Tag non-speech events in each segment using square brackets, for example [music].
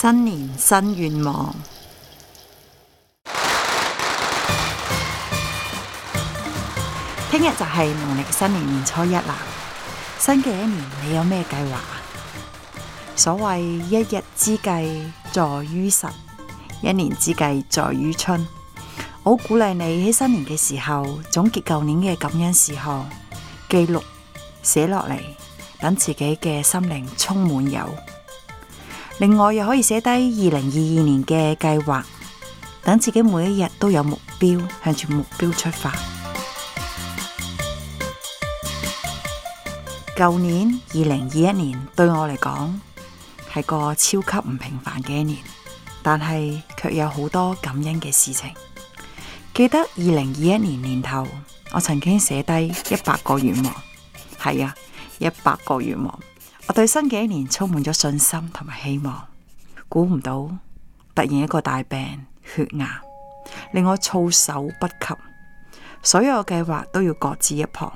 新年新願望，聽日就係農曆新年年初一啦。新嘅一年，你有咩計劃？所謂一日之計在於晨，一年之計在於春。我鼓勵你喺新年嘅時候總結舊年嘅感恩事項，記錄寫落嚟，等自己嘅心靈充滿油。另外，又可以寫低二零二二年嘅計劃，等自己每一日都有目標，向住目標出發。舊 [music] 年二零二一年對我嚟講係個超級唔平凡嘅一年，但係卻有好多感恩嘅事情。記得二零二一年年頭，我曾經寫低一百個願望，係啊，一百個願望。我對新嘅一年充滿咗信心同埋希望，估唔到突然一個大病，血壓令我措手不及，所有計劃都要擱置一旁。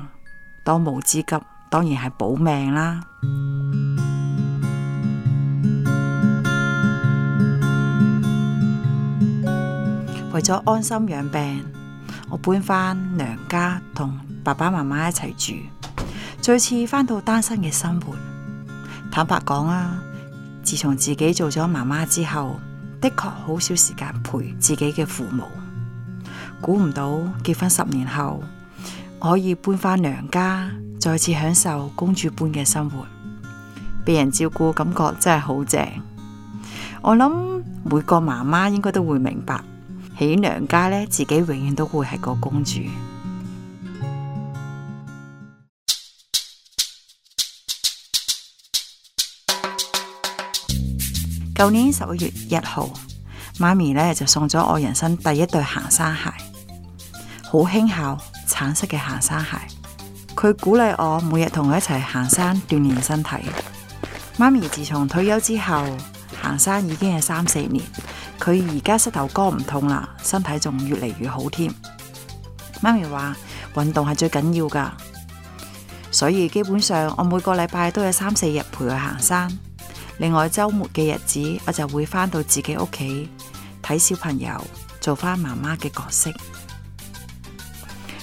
當務之急當然係保命啦。為咗安心養病，我搬翻娘家同爸爸媽媽一齊住，再次翻到單身嘅生活。坦白講啊，自從自己做咗媽媽之後，的確好少時間陪自己嘅父母。估唔到結婚十年後，可以搬返娘家，再次享受公主般嘅生活，被人照顧，感覺真係好正。我諗每個媽媽應該都會明白，喺娘家咧，自己永遠都會係個公主。舊年十一月一號，媽咪呢就送咗我人生第一對行山鞋，好輕巧，橙色嘅行山鞋。佢鼓勵我每日同佢一齊行山鍛煉身體。媽咪自從退休之後，行山已經係三四年，佢而家膝頭哥唔痛啦，身體仲越嚟越好添。媽咪話運動係最緊要噶，所以基本上我每個禮拜都有三四日陪佢行山。另外，周末嘅日子，我就會返到自己屋企睇小朋友，做翻媽媽嘅角色。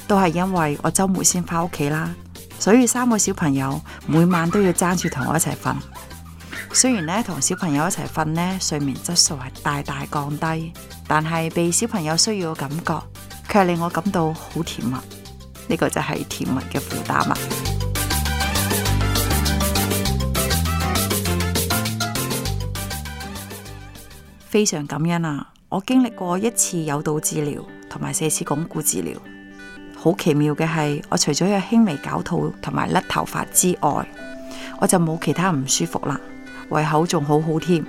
都係因為我周末先翻屋企啦，所以三個小朋友每晚都要爭住同我一齊瞓。雖然呢，同小朋友一齊瞓呢，睡眠質素係大大降低，但係被小朋友需要嘅感覺，卻令我感到好甜蜜。呢個就係甜蜜嘅負擔啦。非常感恩啊！我經歷過一次有道治療同埋四次鞏固治療，好奇妙嘅係，我除咗有輕微絞痛同埋甩頭髮之外，我就冇其他唔舒服啦，胃口仲好好添。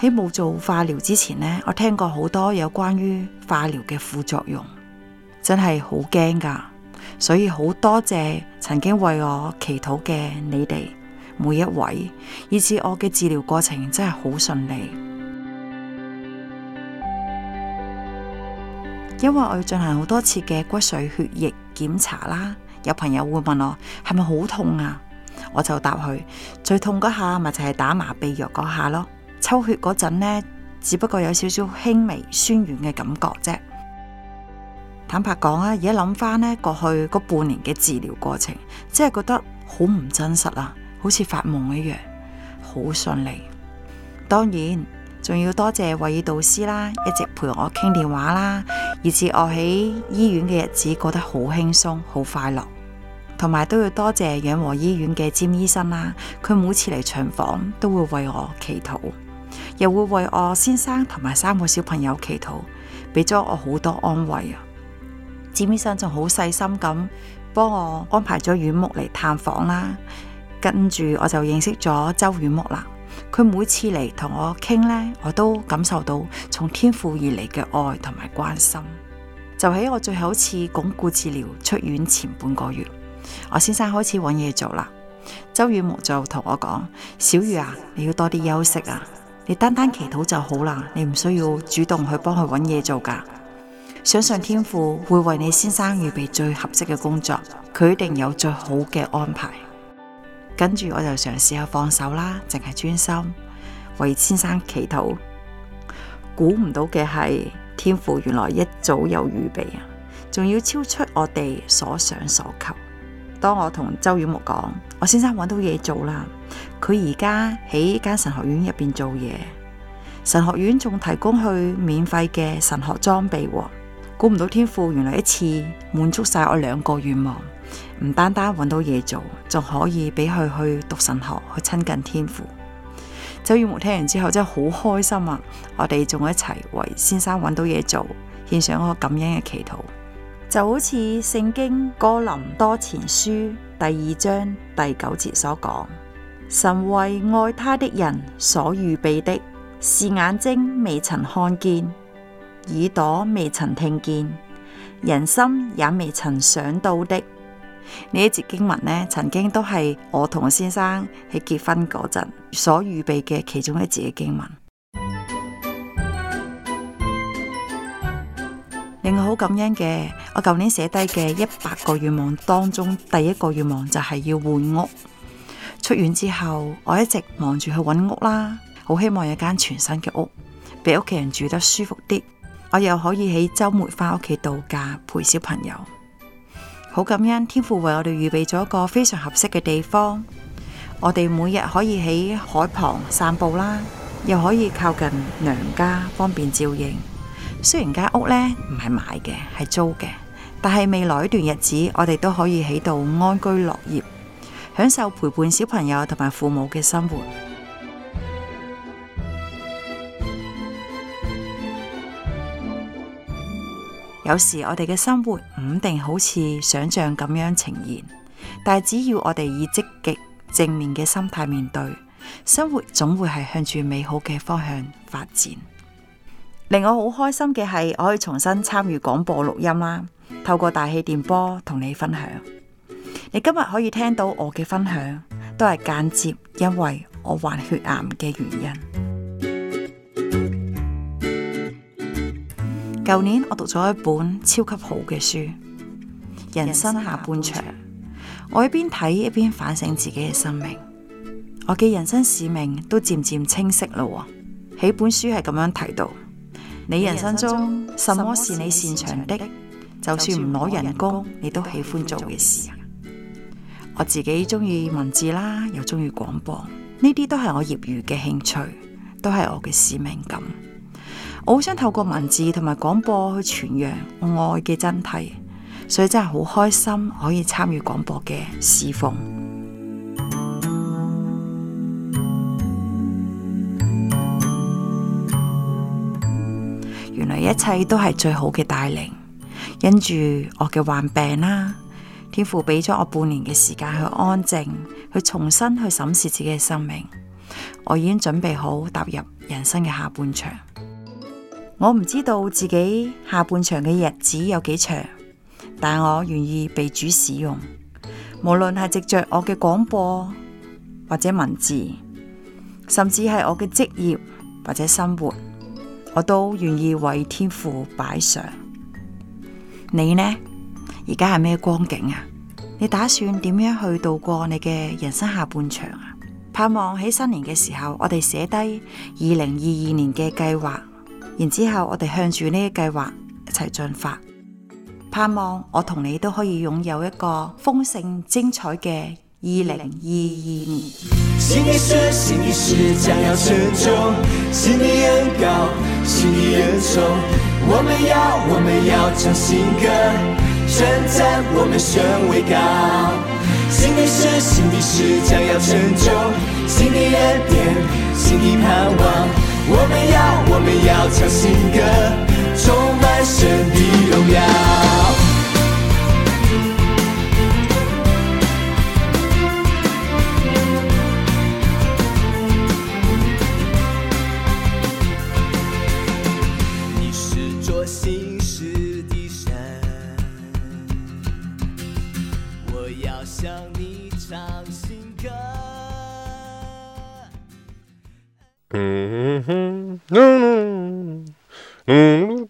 喺冇 [music] 做化療之前呢，我聽過好多有關於化療嘅副作用，真係好驚㗎，所以好多謝曾經為我祈禱嘅你哋。每一位，以至我嘅治療過程真係好順利。 [music] 因為我要進行好多次嘅骨髓血液檢查啦，有朋友會問我係咪好痛啊？我就答佢最痛嗰下咪就係打麻痹藥嗰下咯，抽血嗰陣呢，只不過有少少輕微酸軟嘅感覺啫。坦白講啊，而家諗翻呢過去嗰半年嘅治療過程，真係覺得好唔真實啊！好似發夢一樣，好順利。當然仲要多謝惠爾導師啦，一直陪我傾電話啦，以致我喺醫院嘅日子過得好輕鬆、好快樂。同埋都要多謝養和醫院嘅詹醫生啦，佢每次嚟巡房都會為我祈禱，又會為我先生同埋三個小朋友祈禱，俾咗我好多安慰啊。詹醫生就好細心咁幫我安排咗院牧嚟探訪啦。跟住我就認識咗周雨木啦。佢每次嚟同我傾咧，我都感受到從天父而嚟嘅愛同埋關心。就喺我最後一次鞏固治療出院前半個月，我先生開始搵嘢做啦。周雨木就同我講：小雨啊，你要多啲休息啊，你單單祈禱就好啦，你唔需要主動去幫佢搵嘢做㗎。相信天父會為你先生預備最合適嘅工作，佢一定有最好嘅安排。跟住我就嘗試下放手啦，淨係專心為先生祈禱。估唔到嘅係天父原來一早有預備啊，仲要超出我哋所想所求。當我同周雨木講，我先生搵到嘢做啦，佢而家喺間神學院入邊做嘢，神學院仲提供去免費嘅神學裝備。估唔到天父原來一次滿足晒我兩個願望。唔單單揾到嘢做，仲可以俾佢去讀神學，去親近天父。周耀武聽完之後真係好開心啊！我哋仲一齊為先生揾到嘢做，獻上一個感恩嘅祈禱。就好似聖經哥林多前書第二章第九節所講：神為愛他的人所預備的，是眼睛未曾看見，耳朵未曾聽見，人心也未曾想到的。呢一節經文呢，曾經都係我同我先生喺結婚嗰陣所預備嘅其中一節嘅經文，令我好感恩嘅。我舊年寫低嘅一百個願望當中，第一個願望就係要換屋。出院之後，我一直忙住去搵屋啦，好希望有間全新嘅屋，俾屋企人住得舒服啲，我又可以喺周末返屋企度假陪小朋友。好感恩天父為我哋預備咗一個非常合適嘅地方，我哋每日可以喺海旁散步啦，又可以靠近娘家方便照應。雖然間屋咧唔係買嘅，係租嘅，但係未來一段日子我哋都可以喺度安居樂業，享受陪伴小朋友同埋父母嘅生活。有時我哋嘅生活唔一定好似想象咁樣呈現，但只要我哋以積極正面嘅心態面對，生活總會係向住美好嘅方向發展。令我好開心嘅係，我可以重新參與廣播錄音啦，透過大氣電波同你分享。你今日可以聽到我嘅分享，都係間接因為我患血癌嘅原因。舊年我讀咗一本超級好嘅書《人生下半場》，我一邊睇一邊反省自己嘅生命，我嘅人生使命都漸漸清晰啦喎。喺本書係咁樣提到：你人生中，什麼是你擅長的？就算唔攞人工，你都喜歡做嘅事。我自己中意文字啦，又中意廣播，呢啲都係我業餘嘅興趣，都係我嘅使命感。我好想透過文字同埋廣播去傳揚愛嘅真諦，所以真係好開心可以參與廣播嘅侍奉。原來一切都係最好嘅帶領，因住我嘅患病啦，天父俾咗我半年嘅時間去安靜，去重新去審視自己嘅生命。我已經準備好踏入人生嘅下半場。我唔知道自己下半場嘅日子有幾長，但我願意被主使用，無論係藉着我嘅廣播或者文字，甚至係我嘅職業或者生活，我都願意為天父擺上。你呢？而家係咩光景啊？你打算點樣去度過你嘅人生下半場啊？盼望喺新年嘅時候，我哋寫低二零二二年嘅計劃。然之後，我哋向住呢個計劃一齊進發，盼望我同你都可以擁有一個豐盛精彩嘅二零二二年。新的我們要，我們要唱新歌，充滿神的榮耀。